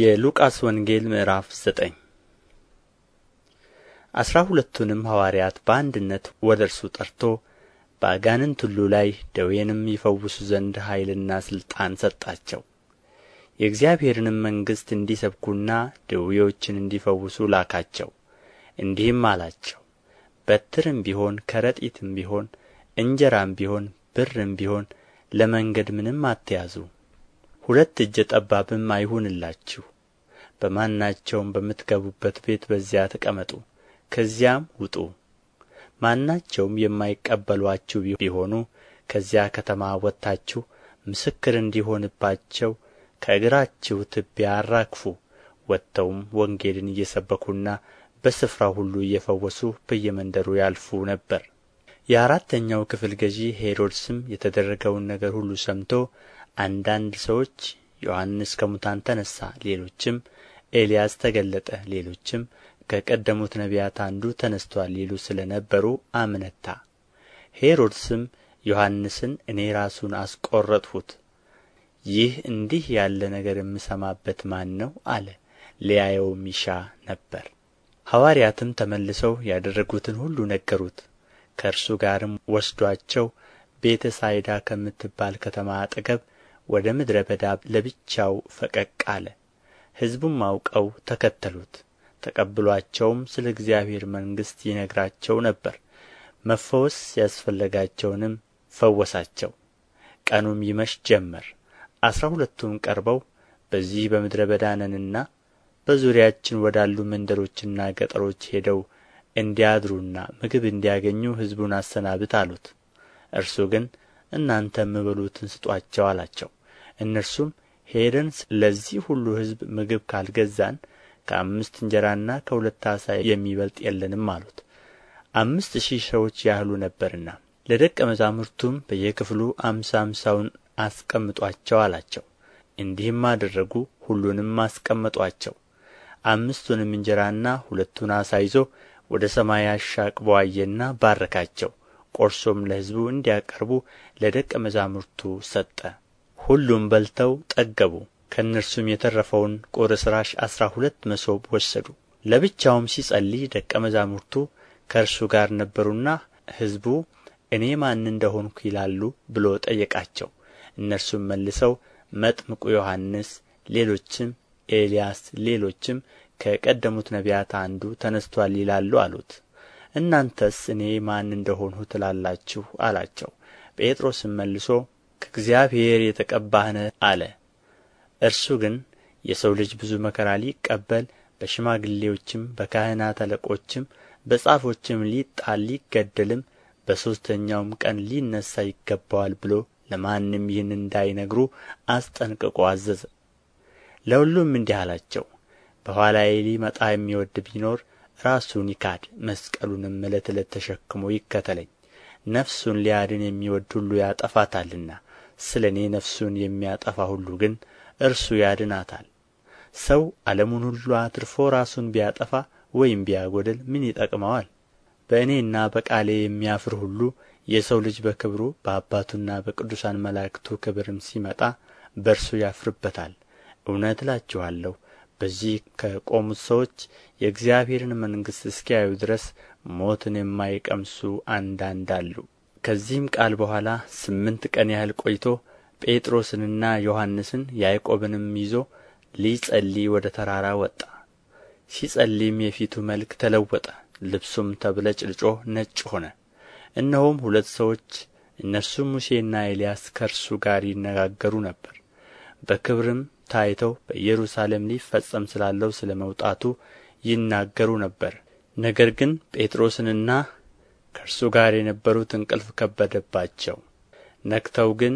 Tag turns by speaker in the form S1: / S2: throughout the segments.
S1: የሉቃስ ወንጌል ምዕራፍ ዘጠኝ አስራ ሁለቱንም ሐዋርያት በአንድነት ወደ እርሱ ጠርቶ በአጋንንት ሁሉ ላይ ደዌንም ይፈውሱ ዘንድ ኃይልና ሥልጣን ሰጣቸው። የእግዚአብሔርንም መንግሥት እንዲሰብኩና ደዌዎችን እንዲፈውሱ ላካቸው። እንዲህም አላቸው፣ በትርም ቢሆን ከረጢትም ቢሆን እንጀራም ቢሆን ብርም ቢሆን ለመንገድ ምንም አትያዙ ሁለት እጀ ጠባብም አይሁንላችሁ በማናቸውም በምትገቡበት ቤት በዚያ ተቀመጡ ከዚያም ውጡ ማናቸውም የማይቀበሏችሁ ቢሆኑ ከዚያ ከተማ ወጥታችሁ ምስክር እንዲሆንባቸው ከእግራችሁ ትቢያ አራግፉ። ወጥተውም ወንጌልን እየሰበኩና በስፍራው ሁሉ እየፈወሱ በየመንደሩ ያልፉ ነበር። የአራተኛው ክፍል ገዢ ሄሮድስም የተደረገውን ነገር ሁሉ ሰምቶ አንዳንድ ሰዎች ዮሐንስ ከሙታን ተነሣ ሌሎችም ኤልያስ ተገለጠ ሌሎችም ከቀደሙት ነቢያት አንዱ ተነሥቶአል ይሉ ስለ ነበሩ አመነታ ሄሮድስም ዮሐንስን እኔ ራሱን አስቈረጥሁት ይህ እንዲህ ያለ ነገር የምሰማበት ማን ነው አለ ሊያየውም ይሻ ነበር ሐዋርያትም ተመልሰው ያደረጉትን ሁሉ ነገሩት ከእርሱ ጋርም ወስዷቸው ቤተ ሳይዳ ከምትባል ከተማ አጠገብ ወደ ምድረ በዳ ለብቻው ፈቀቅ አለ ሕዝቡም አውቀው ተከተሉት ተቀብሏቸውም ስለ እግዚአብሔር መንግሥት ይነግራቸው ነበር መፈወስ ያስፈለጋቸውንም ፈወሳቸው ቀኑም ይመሽ ጀመር አሥራ ሁለቱም ቀርበው በዚህ በምድረ በዳ ነንና በዙሪያችን ወዳሉ መንደሮችና ገጠሮች ሄደው እንዲያድሩና ምግብ እንዲያገኙ ሕዝቡን አሰናብት አሉት እርሱ ግን እናንተ የምበሉትን ስጧቸው አላቸው እነርሱም ሄደን ለዚህ ሁሉ ሕዝብ ምግብ ካልገዛን ከአምስት እንጀራና ከሁለት ዓሣ የሚበልጥ የለንም አሉት አምስት ሺህ ሰዎች ያህሉ ነበርና ለደቀ መዛሙርቱም በየክፍሉ አምሳ አምሳውን አስቀምጧቸው አላቸው እንዲህም አደረጉ ሁሉንም አስቀመጧቸው አምስቱንም እንጀራና ሁለቱን ዓሣ ይዞ ወደ ሰማይ አሻቅቦ አየና ባረካቸው ቆርሶም ለሕዝቡ እንዲያቀርቡ ለደቀ መዛሙርቱ ሰጠ ሁሉም በልተው ጠገቡ ከእነርሱም የተረፈውን ቁርስራሽ አሥራ ሁለት መሶብ ወሰዱ ለብቻውም ሲጸልይ ደቀ መዛሙርቱ ከእርሱ ጋር ነበሩና ሕዝቡ እኔ ማን እንደ ሆንሁ ይላሉ ብሎ ጠየቃቸው እነርሱም መልሰው መጥምቁ ዮሐንስ ሌሎችም ኤልያስ ሌሎችም ከቀደሙት ነቢያት አንዱ ተነሥቶአል ይላሉ አሉት እናንተስ እኔ ማን እንደ ሆንሁ ትላላችሁ አላቸው ጴጥሮስም መልሶ ከእግዚአብሔር የተቀባህነ አለ እርሱ ግን የሰው ልጅ ብዙ መከራ ሊቀበል በሽማግሌዎችም በካህናት አለቆችም በጻፎችም ሊጣል ሊገደልም በሦስተኛውም ቀን ሊነሣ ይገባዋል ብሎ ለማንም ይህን እንዳይነግሩ አስጠንቅቆ አዘዘ ለሁሉም እንዲህ አላቸው በኋላዬ ሊመጣ የሚወድ ቢኖር ራሱን ይካድ መስቀሉንም ዕለት ዕለት ተሸክሞ ይከተለኝ ነፍሱን ሊያድን የሚወድ ሁሉ ያጠፋታልና ስለ እኔ ነፍሱን የሚያጠፋ ሁሉ ግን እርሱ ያድናታል ሰው ዓለሙን ሁሉ አትርፎ ራሱን ቢያጠፋ ወይም ቢያጎደል ምን ይጠቅመዋል በእኔና በቃሌ የሚያፍር ሁሉ የሰው ልጅ በክብሩ በአባቱና በቅዱሳን መላእክቱ ክብርም ሲመጣ በእርሱ ያፍርበታል እውነት እላችኋለሁ በዚህ ከቆሙት ሰዎች የእግዚአብሔርን መንግሥት እስኪያዩ ድረስ ሞትን የማይቀምሱ አንዳንድ አሉ ከዚህም ቃል በኋላ ስምንት ቀን ያህል ቆይቶ ጴጥሮስንና ዮሐንስን ያዕቆብንም ይዞ ሊጸልይ ወደ ተራራ ወጣ ሲጸልይም የፊቱ መልክ ተለወጠ ልብሱም ተብለጭልጮ ነጭ ሆነ እነሆም ሁለት ሰዎች እነርሱም ሙሴና ኤልያስ ከእርሱ ጋር ይነጋገሩ ነበር በክብርም ታይተው በኢየሩሳሌም ሊፈጸም ስላለው ስለ መውጣቱ ይናገሩ ነበር ነገር ግን ጴጥሮስንና ከእርሱ ጋር የነበሩት እንቅልፍ ከበደባቸው ነክተው ግን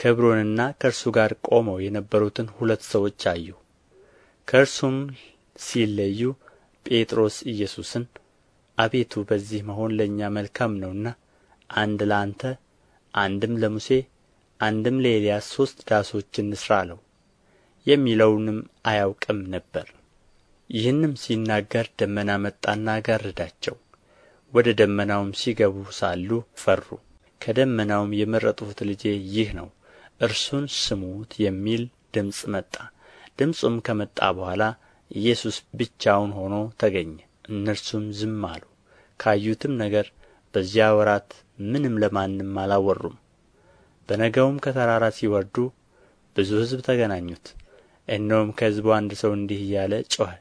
S1: ክብሩንና ከእርሱ ጋር ቆመው የነበሩትን ሁለት ሰዎች አዩ ከእርሱም ሲለዩ ጴጥሮስ ኢየሱስን አቤቱ በዚህ መሆን ለእኛ መልካም ነውና አንድ ለአንተ አንድም ለሙሴ አንድም ለኤልያስ ሦስት ዳሶች እንሥራ አለው የሚለውንም አያውቅም ነበር ይህንም ሲናገር ደመና መጣና ጋረዳቸው ወደ ደመናውም ሲገቡ ሳሉ ፈሩ ከደመናውም የመረጥሁት ልጄ ይህ ነው እርሱን ስሙት የሚል ድምፅ መጣ ድምፁም ከመጣ በኋላ ኢየሱስ ብቻውን ሆኖ ተገኘ እነርሱም ዝም አሉ ካዩትም ነገር በዚያ ወራት ምንም ለማንም አላወሩም በነገውም ከተራራ ሲወርዱ ብዙ ሕዝብ ተገናኙት እነሆም ከሕዝቡ አንድ ሰው እንዲህ እያለ ጮኸ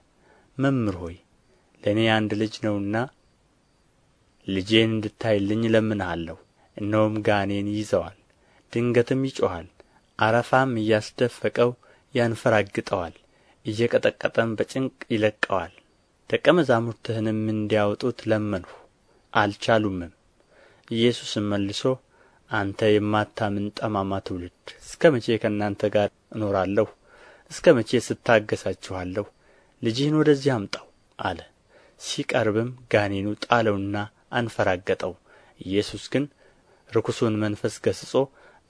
S1: መምህር ሆይ ለእኔ አንድ ልጅ ነውና ልጄን እንድታይልኝ እለምንሃለሁ እነሆም ጋኔን ይይዘዋል ድንገትም ይጮኻል አረፋም እያስደፈቀው ያንፈራግጠዋል እየቀጠቀጠም በጭንቅ ይለቀዋል ደቀ መዛሙርትህንም እንዲያወጡት ለመንሁ አልቻሉምም ኢየሱስም መልሶ አንተ የማታምን ጠማማ ትውልድ እስከ መቼ ከእናንተ ጋር እኖራለሁ እስከ መቼ ስታገሳችኋለሁ? ልጅህን ወደዚህ አምጣው አለ ሲቀርብም ጋኔኑ ጣለውና አንፈራገጠው ኢየሱስ ግን ርኩሱን መንፈስ ገሥጾ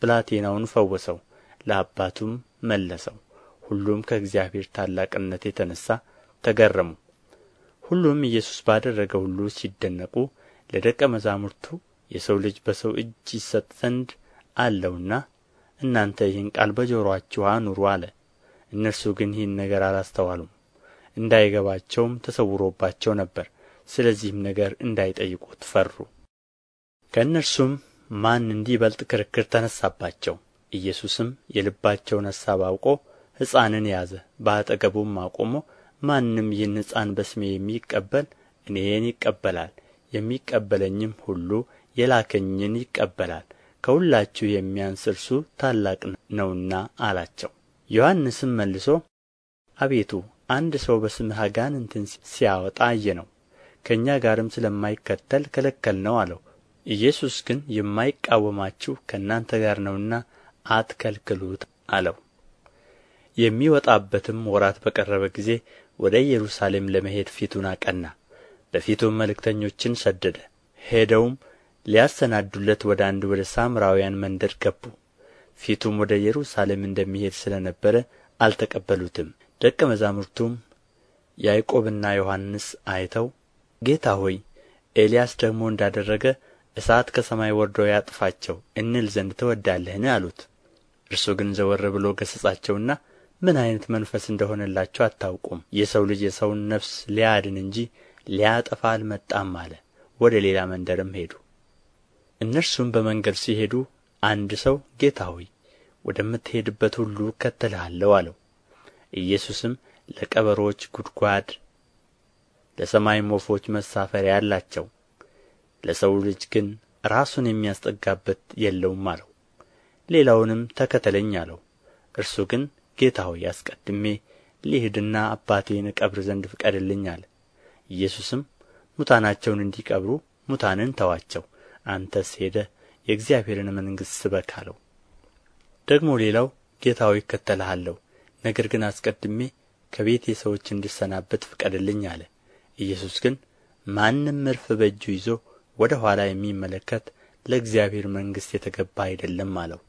S1: ብላቴናውን ፈወሰው ለአባቱም መለሰው ሁሉም ከእግዚአብሔር ታላቅነት የተነሣ ተገረሙ ሁሉም ኢየሱስ ባደረገ ሁሉ ሲደነቁ ለደቀ መዛሙርቱ የሰው ልጅ በሰው እጅ ይሰጥ ዘንድ አለውና እናንተ ይህን ቃል በጆሮአችሁ አኑሩ አለ እነርሱ ግን ይህን ነገር አላስተዋሉም እንዳይገባቸውም ተሰውሮባቸው ነበር ስለዚህም ነገር እንዳይጠይቁት ፈሩ ከእነርሱም ማን እንዲበልጥ ክርክር ተነሳባቸው? ኢየሱስም የልባቸውን ሐሳብ አውቆ ሕፃንን ያዘ በአጠገቡም አቆሞ ማንም ይህን ሕፃን በስሜ የሚቀበል እኔን ይቀበላል የሚቀበለኝም ሁሉ የላከኝን ይቀበላል ከሁላችሁ የሚያንስ እርሱ ታላቅ ነውና አላቸው ዮሐንስም መልሶ አቤቱ አንድ ሰው በስምህ አጋንንትን ሲያወጣ ነው ከእኛ ጋርም ስለማይከተል ነው አለው ኢየሱስ ግን የማይቃወማችሁ ከእናንተ ጋር ነውና አትከልክሉት አለው የሚወጣበትም ወራት በቀረበ ጊዜ ወደ ኢየሩሳሌም ለመሄድ ፊቱን አቀና በፊቱም መልእክተኞችን ሰደደ ሄደውም ሊያሰናዱለት ወደ አንድ ወደ ሳምራውያን መንደር ገቡ ፊቱም ወደ ኢየሩሳሌም እንደሚሄድ ስለ ነበረ አልተቀበሉትም ደቀ መዛሙርቱም ያዕቆብና ዮሐንስ አይተው ጌታ ሆይ ኤልያስ ደግሞ እንዳደረገ እሳት ከሰማይ ወርዶ ያጥፋቸው እንል ዘንድ ትወዳለህን አሉት እርሱ ግን ዘወር ብሎ ገሠጻቸውና ምን አይነት መንፈስ እንደሆነላችሁ አታውቁም የሰው ልጅ የሰውን ነፍስ ሊያድን እንጂ ሊያጠፋ አልመጣም አለ ወደ ሌላ መንደርም ሄዱ እነርሱም በመንገድ ሲሄዱ አንድ ሰው ጌታ ሆይ ወደምትሄድበት ሁሉ እከተልሃለሁ አለው ኢየሱስም ለቀበሮች ጉድጓድ ለሰማይም ወፎች መሳፈሪያ አላቸው ለሰው ልጅ ግን ራሱን የሚያስጠጋበት የለውም አለው ሌላውንም ተከተለኝ አለው እርሱ ግን ጌታ ሆይ አስቀድሜ ልሄድና አባቴን እቀብር ዘንድ ፍቀድልኝ አለ ኢየሱስም ሙታናቸውን እንዲቀብሩ ሙታንን ተዋቸው አንተስ ሄደህ የእግዚአብሔርን መንግሥት ስበክ አለው ደግሞ ሌላው ጌታው ይከተልሃለሁ፣ ነገር ግን አስቀድሜ ከቤቴ ሰዎች እንድሰናበት ፍቀድልኝ አለ ኢየሱስ ግን ማንም እርፍ በእጁ ይዞ ወደ ኋላ የሚመለከት ለእግዚአብሔር መንግሥት የተገባ አይደለም አለው